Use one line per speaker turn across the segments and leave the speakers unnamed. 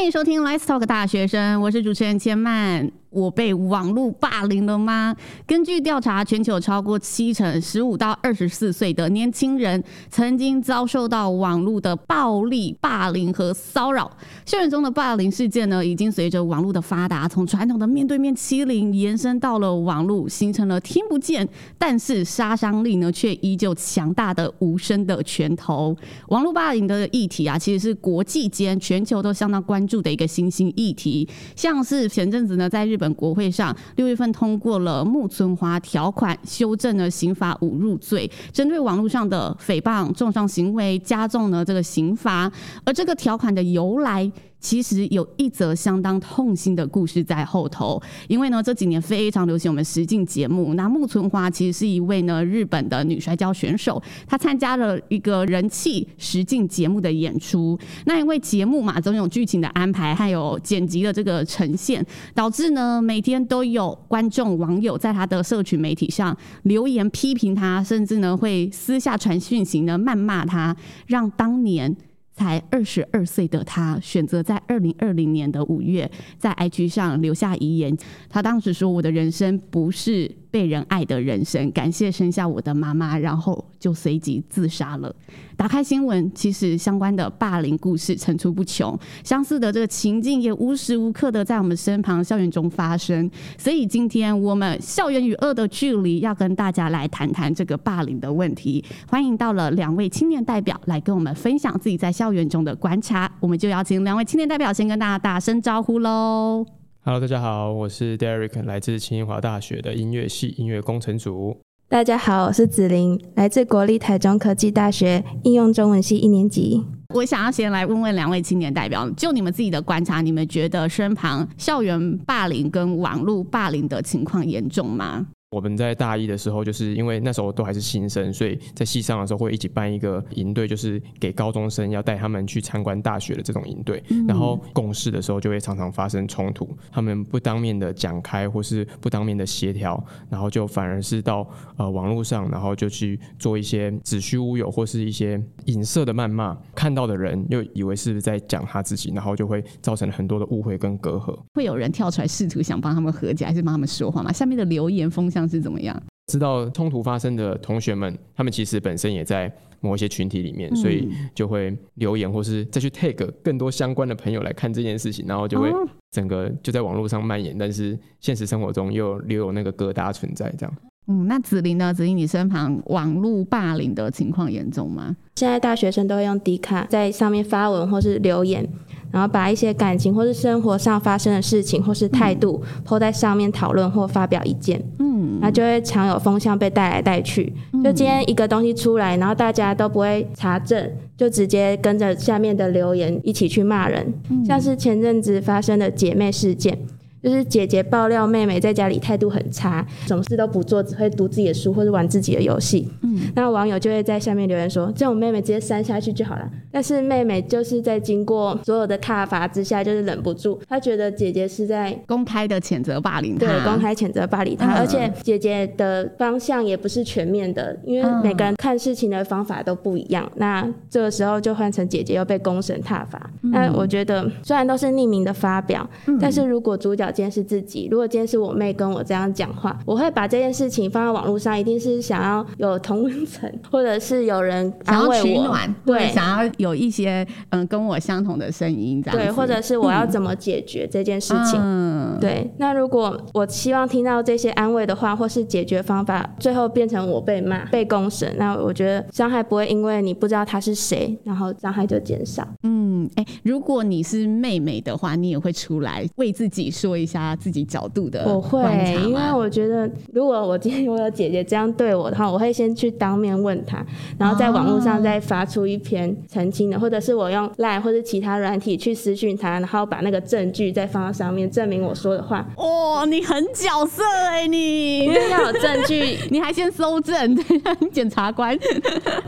歡迎收聽《Let's Talk 大學生》，我是主持人千嫚。我被網絡霸凌了嗎？根據調查，全球超過七成十五到二十四歲的年輕人曾經遭受到網絡的暴力霸凌和騷擾。現實中的霸凌事件呢，已經隨着網絡的發達，從傳統的面對面欺凌延伸到了網絡，形成了聽不見，但是殺傷力呢卻依舊強大的無聲的拳頭。網絡霸凌的議題啊，其實是國際間、全球都相當關注的一個新興議題，像是前陣子呢，在日本國會上六月份通過了木村花條款，修正了刑法侮辱罪，針對網絡上的誹謗、重傷行為加重了這個刑罰，而這個條款的由來。其實有一則相當痛心的故事在後頭，因為呢，這幾年非常流行我們實境節目，那木村花其實是一位呢日本的女摔跤選手，她參加了一個人氣實境節目的演出，那因為節目嘛，總有劇情的安排，還有剪輯的這個呈現，導致呢每天都有觀眾網友在她的社群媒體上留言批評她，甚至呢會私下傳訊息呢謾罵她，讓當年。才二十二歲的他，選擇在二零二零年的五月，在 IG 上留下遺言。他當時說：“我的人生不是被人愛的人生，感謝生下我的媽媽。”然後就隨即自殺了。打開新聞，其實相關的霸凌故事層出不窮，相似的這個情境也無時無刻的在我們身旁校園中發生。所以今天我們校園與惡的距離，要跟大家來談談這個霸凌的問題。歡迎到了兩位青年代表來跟我們分享自己在校園。校園中的觀察，我們就邀請兩位青年代表先跟大家打聲招呼嘍。
Hello，大家好，我是 DERRICK，來自清華大學的音樂系音樂工程組。
大家好，我是梓凌，來自國立
台中科技大學應用中文系一年級。
我想要先來問問兩位青年代表，就你們自己的觀察，你們覺得身旁校園霸凌跟網路霸凌的情況嚴重嗎？
我們在大一的時候，就是因為那時候都還是新生，所以在系上的時候會一起辦一個營隊，就是給高中生要帶他們去參觀大學的這種營隊。嗯、然後共事的時候就會常常發生衝突，他們不當面的講開或是不當面的協調，然後就反而是到呃網絡上，然後就去做一些子虛烏有或是一些影射的謾罵。看到的人又以為是在講他自己，然後就會造成很多的誤會跟隔閡。
會有人跳出來試圖想幫他們和解，還是幫他們說話嗎？下面的留言風向。是怎麼樣？
知道衝突發生的同學們，他們其實本身也在某一些群體裡面，所以就會留言或是再去 tag 更多相關的朋友來看這件事情，然後就會整個就在網絡上蔓延，但是現實生活中又留有那個疙瘩存在這樣。
嗯，那梓凌呢？梓凌，你身旁網路霸凌的情況嚴重嗎？現在大學生都會用 D 卡在上面發文或是留言，
然後把一些感情或是生活上發生的事情或是態度 PO 在上面討論或發表意見。嗯，那就會常有風向被帶來帶去。就今天一個東西出來，然後大家都不會查證，就直接跟着下面的留言一起去罵人，嗯、像是前陣子發生的姐妹事件。就是姐姐爆料妹妹在家裡態度很差，什麼事都不做，只會讀自己的書或者玩自己的遊戲。嗯，那網友就會在下面留言說：“這種妹妹直接刪下去就好了。”但是妹妹就是在經過所有的撻伐之下，就是忍不住，她覺得姐姐是在公開的譴責、霸凌她。對，公開譴責、霸凌她，嗯、而且姐姐的方向也不是全面的，因為每個人看事情的方法都不一樣。嗯、那這個時候就換成姐姐又被公審撻伐。那、嗯、我覺得，雖然都是匿名的發表，嗯、但是如果主角，今天是自己。如果今天是我妹跟我這樣講話，我會把這件事情放在網絡上，一定是想要有同溫層，或者
是有人安慰我，對，想要有一些嗯跟我相同的聲音，對，或者是我要怎麼解決這件事情？嗯、對。
那如果我希望聽到這些安慰的話，或是解決方法，最後變成我被罵、被公審，那我覺得傷害不會因為你不知道他是誰，然後傷害就減少。嗯。
哎、欸，如果你是妹妹的話，你也會出來為自己說一下自己角度的。我會，因為
我覺得，如果我今天我有姐姐這樣對我的話，我會先去當面問她，然後在網絡上再發出一篇澄清的，哦、或者是我用 LINE 或者其他軟體去私訊她，然後把那個證據再放到上面，證明我說的話。
哦，你很角色哎、欸，你要有證據， 你還先搜證，檢察官，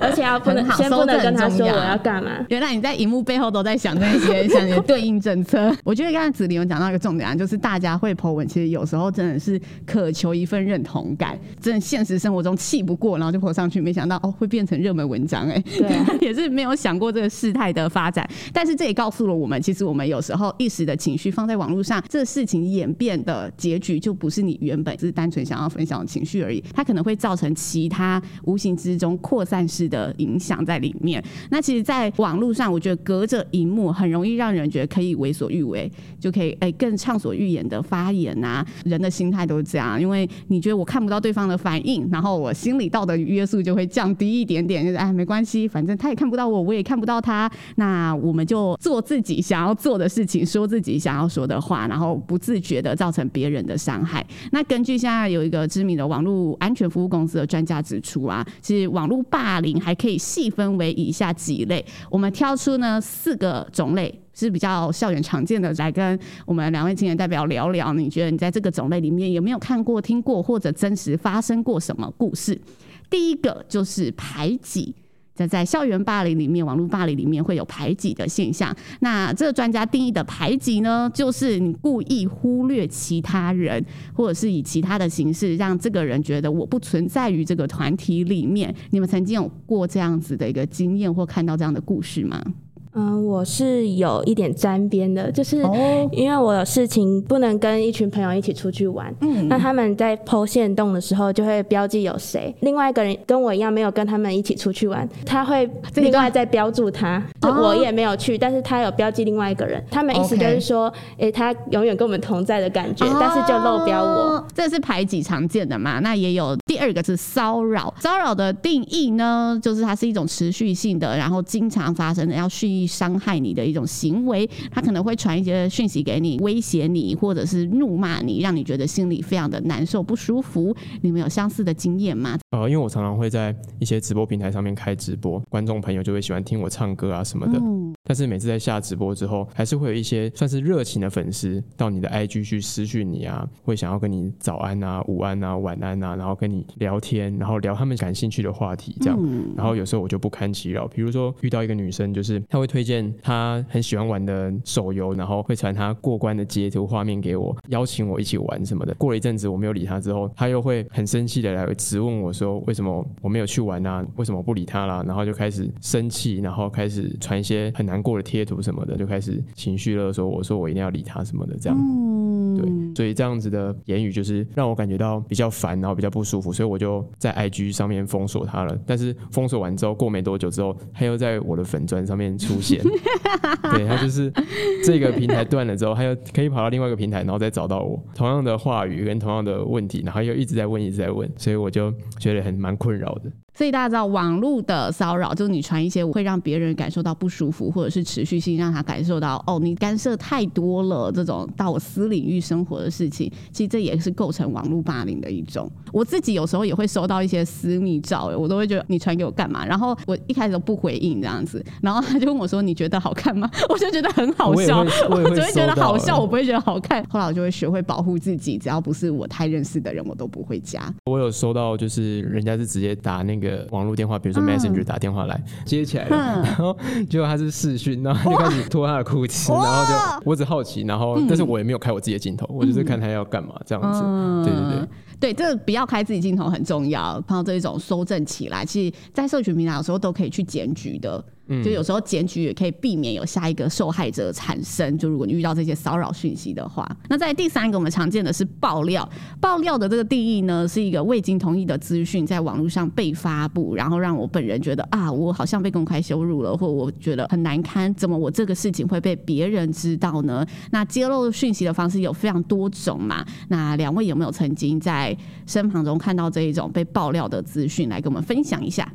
而且要不能好要先不能跟他說我要幹嘛。原來你在螢幕背後都。我在想那些， 想些對應政策。 我覺得剛剛梓凌有講到一個重點啊，就是大家會 PO 文，其實有時候真的是渴求一份認同感。真的現實生活中氣不過，然後就 PO 上去，沒想到哦，會變成熱門文章。欸。哎、啊，對， 也是沒有想過這個事態的發展。但是這也告訴了我們，其實我們有時候一時的情緒放在網絡上，這事情演變的結局就不是你原本只是單純想要分享的情緒而已，它可能會造成其他無形之中擴散式的影響在裡面。那其實，在網絡上，我覺得隔着。螢幕很容易讓人覺得可以為所欲為，就可以哎、欸、更暢所欲言的發言吶、啊。人的心態都是這樣，因為你覺得我看不到對方的反應，然後我心裡道德約束就會降低一點點，就是哎沒關係，反正他也看不到我，我也看不到他，那我們就做自己想要做的事情，說自己想要說的話，然後不自覺的造成別人的傷害。那根據現在有一個知名的網絡安全服務公司的專家指出啊，其實網絡霸凌還可以細分為以下幾類，我們挑出呢四。這個種類是比較校園常見的，來跟我們兩位青年代表聊聊。你覺得你在這個種類裡面有沒有看過、聽過或者真實發生過什麼故事？第一個就是排擠，在在校園霸凌裡面、網絡霸凌裡面會有排擠的現象。那這個專家定義的排擠呢，就是你故意忽略其他人，或者是以其他的形式讓這個人覺得我不存在於這個團體裡面。你們曾經有過這樣子的一個經驗或看到這樣的故事嗎？嗯、呃，我是有一點
沾邊的，就是因為我有事情不能跟一群朋友一起出去玩，哦嗯、那他們在 PO 限動的時候就會標記有誰。另外一個人跟我一樣沒有跟他們一起出去玩，他會另外再標注他，啊、我也沒有去，哦、但是他有標記另外一個
人。哦、他們意思就是說，
哎 Okay.、欸，他永遠跟我們同在的感覺，哦、但是就漏標我。
這是排擠常見的嘛？那也有第二個是騷擾，騷擾的定義呢，就是它是一種持續性的，然後經常發生的，要續。傷害你的一種行為，他可能會傳一些訊息給你，威脅你，或者是怒罵你，讓你覺得心裡非常的難受，不舒服。你們有相似的經驗嗎？
呃，因為我常常會在一些直播平台上面開直播，觀眾朋友就會喜歡聽我唱歌啊什麼的。嗯。但是每次在下直播之後，還是會有一些算是熱情的粉絲到你的 IG 去私訊你啊，會想要跟你早安啊、午安啊、晚安啊，然後跟你聊天，然後聊他們感興趣的話題這樣。嗯。然後有時候我就不堪其擾，比如說遇到一個女生，就是她會推薦她很喜歡玩的手遊，然後會傳她過關的截圖畫面給我，邀請我一起玩什麼的。過了一陣子我沒有理她之後，她又會很生氣的來質問我說為什麼我沒有去玩啊？為什麼我不理她啦、啊，然後就開始生氣，然後開始傳一些很。難過的貼圖什麼的，就開始情緒勒索，說我說我一定要理他什麼的，這樣，嗯、對，所以這樣子的言語就是讓我感覺到比較煩，然後比較不舒服，所以我就在 IG 上面封鎖他了。但是封鎖完之後，過沒多久之後，他又在我的粉專上面出現， 對，他就是這個平台斷了之後，他又可以跑到另外一個平台，然後再找到我，同樣的話語跟同樣的問題，然後又一直在問，一直在問，所以我就覺得很蠻困擾的。
所以大家知道網絡的騷擾，就是你傳一些我會讓別人感受到不舒服，或者是持續性讓他感受到哦，你干涉太多了這種到我私領域生活的事情，其實這也是構成網絡霸凌的一種。我自己有時候也會收到一些私密照，我都會覺得你傳給我幹嘛？然後我一開始都不回應這樣子，然後他就問我說：“你覺得好看嗎？”我就覺得很好笑，我只會覺得好笑，我不會覺得好看。後來我就會學會保護自己，只要不是我太認識的人，我都不會加。
我有收到，就是人家是直接打那個一個網絡電話，比如說 Messenger 打電話來，嗯、接起來了然後結果他是視訊，然後就開始脫他的褲子，哇然後就我只好奇，然後、嗯、但是我也沒有開我自己的鏡頭，我就是看他要幹嘛這樣子，嗯、對
對對，對，這個不要開自己鏡頭很重要，碰到這一種蒐證起來，其實在社群平台有時候都可以去檢舉的。就有時候檢舉也可以避免有下一個受害者產生。就如果你遇到這些騷擾訊息的話，那在第三個我們常見的是爆料。爆料的這個定義呢，是一個未經同意的資訊在網絡上被發布，然後讓我本人覺得啊，我好像被公開羞辱了，或我覺得很難堪，怎麼我這個事情會被別人知道呢？那揭露訊息的方式有非常多種嘛，那兩位有沒有曾經在身旁中看到這一種被爆料的資訊來跟我們分享一下？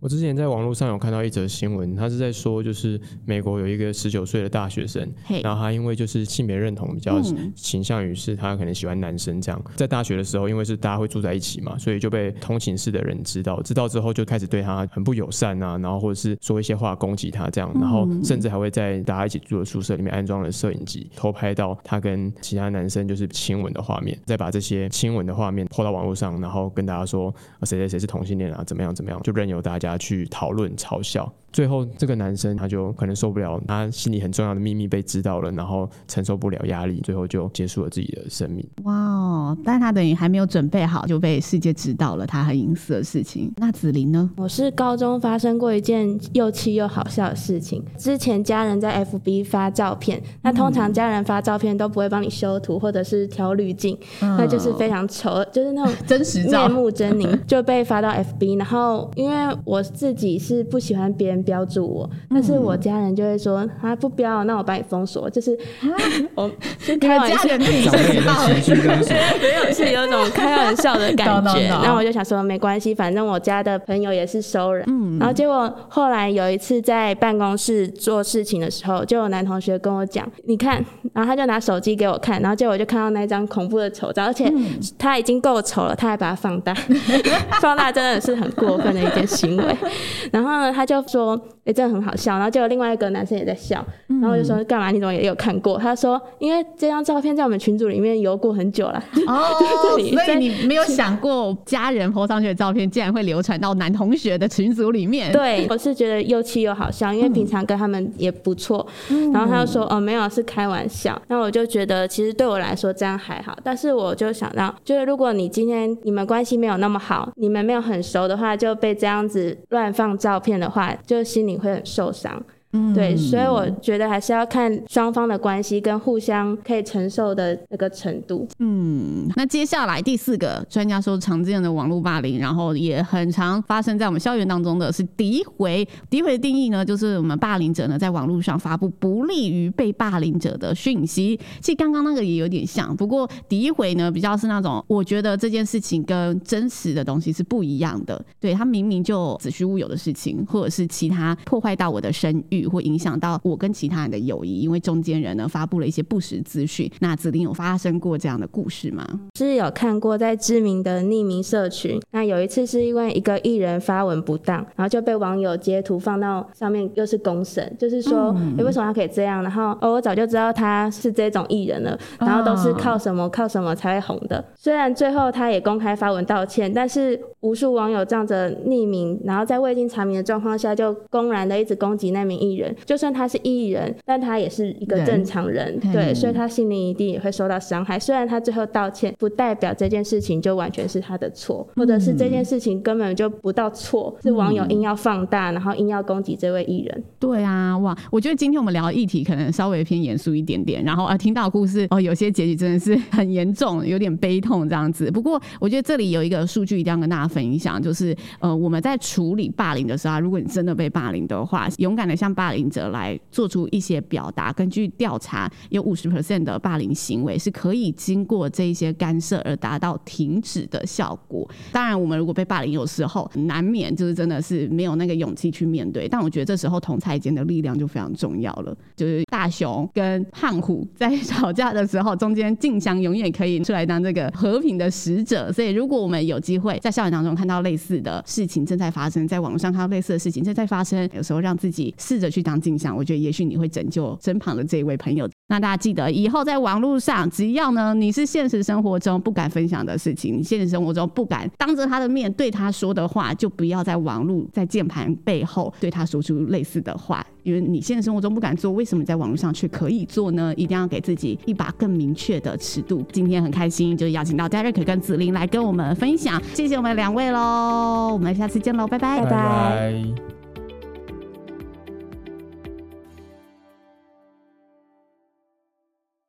我之前在網絡上有看到一則新聞，他是在說，就是美國有一個十九歲的大學生，Hey. 然後他因為就是性別認同比較傾向於是他可能喜歡男生這樣，嗯、在大學的時候，因為是大家會住在一起嘛，所以就被同寢室的人知道，知道之後就開始對他很不友善啊，然後或者是說一些話攻擊他這樣，然後甚至還會在大家一起住的宿舍裡面安裝了攝影機，偷拍到他跟其他男生就是親吻的畫面，再把這些親吻的畫面 PO 到網絡上，然後跟大家說誰誰誰是同性戀啊，怎麼樣怎麼樣，就任由大家。去討論、嘲笑，最後這個男生他就可能受不了，他心裡很重要的秘密被知道了，然後承受不了壓力，最後就結束了自己的生命。
哇哦！但他等於還沒有準備好就被世界知道了他很隱私的事情。那梓凌呢？我是高中
發生過一件又氣又好笑的事情。之前家人在 FB 發照片，嗯、那通常家人發照片都不會幫你修圖或者是調濾鏡，嗯、那就是非常醜，就是那種真實面目猙獰就被發到 FB。 然後因為我。我自己是不喜歡別人標註我，但是我家人就會說：“啊，不標，那我把你封鎖。”就是蛤我，沒有，是有種開玩笑的感覺。然後我就想說，沒關係，反正我家的朋友也是熟人。嗯。然後結果後來有一次在辦公室做事情的時候，就有男同學跟我講：“你看。”然後他就拿手機給我看，然後結果我就看到那張恐怖的醜照，而且他已經夠醜了，他還把它放大， 放大真的是很過分的一件行為。 然後呢，他就說：“哎，真的很好笑。”然後就有另外一個男生也在笑，嗯、然後我就說：“幹嘛？你怎麼也有看過？”他說：“因為這張照片在我們群組裡面遊過很久了。”
哦。 所以，所以你沒有想過家人 po 上去的照片 竟然會流傳到男同學的群組裡
面？對，我是覺得又氣又好笑，因為平常跟他們也不錯。嗯、然後他又說：“哦，沒有，是開玩笑。”那我就覺得其實對我來說這樣還好，但是我就想到，就是如果你今天你們關係沒有那麼好，你們沒有很熟的話，就被這樣子，亂放照片的話，就心裡會很受傷。嗯、對，所以我覺得還是要看雙方的關係跟互相可以承受的那個程度。嗯，
那接下來第四個，專家說常見的網絡霸凌，然後也很常發生在我們校園當中的是詆毀。詆毀的定義呢，就是我們霸凌者呢在網絡上發布不利於被霸凌者的訊息。其實剛剛那個也有點像，不過詆毀呢比較是那種我覺得這件事情跟真實的東西是不一樣的。對，他明明就子虛烏有的事情，或者是其他破壞到我的聲譽。會影響到我跟其他人的友誼，因為中間人呢發布了一些不實資訊。那梓凌有發生過這樣的故事嗎？是有看過
在知名的匿名社群，那有一次是因為一個藝人發文不當，然後就被網友截圖放到上面，又是公審，就是說你，嗯欸，為什麼他可以這樣？然後哦，我早就知道他是這種藝人了，然後都是靠什麼，哦，靠什麼才會紅的。雖然最後他也公開發文道歉，但是無數網友仗著匿名，然後在未經查明的狀況下就公然的一直攻擊那名藝人。藝人，就算他是藝人，但他也是一個正常人，對，對對，所以他心裡一定也會受到傷害。雖然他最後道歉，不代表這件事
情就完全是他的錯，
或者是這件事情根本就不到錯，嗯、是網友硬要放大，然後硬要攻擊這位藝人。
對啊，哇，我覺得今天我們聊議題可能稍微偏嚴肅一點點，然後啊聽到故事哦、呃，有些結局真的是很嚴重，有點悲痛，這樣子。不過我覺得這裡有一個數據一定要跟大家分享，就是呃我們在處理霸凌的時候，如果你真的被霸凌的話，勇敢的像。霸凌者來做出一些表達。根據調查，有五十 percent 的霸凌行為是可以經過這一些干涉而達到停止的效果。當然，我們如果被霸凌，有時候難免就是真的是沒有那個勇氣去面對。但我覺得這時候同儕間的力量就非常重要了。就是大雄跟胖虎在吵架的時候，中間靜香永遠可以出來當這個和平的使者。所以，如果我們有機會在校園當中看到類似的事情正在發生，在網上看到類似的事情正在發生，有時候讓自己試着。去當鏡像，我覺得也許你會拯救身旁的這一位朋友。那大家記得，以後在網絡上，只要呢你是現實生活中不敢分享的事情，你現實生活中不敢當着他的面對他說的話，就不要在網絡在鍵盤背後對他說出類似的話。因為你現實生活中不敢做，為什麼在網絡上卻可以做呢？一定要給自己一把更明確的尺度。今天很開心，就邀請到戴瑞 k 跟紫琳來跟我們分享，謝謝我們兩位嘍，我們下次見嘍，拜，拜拜。Bye bye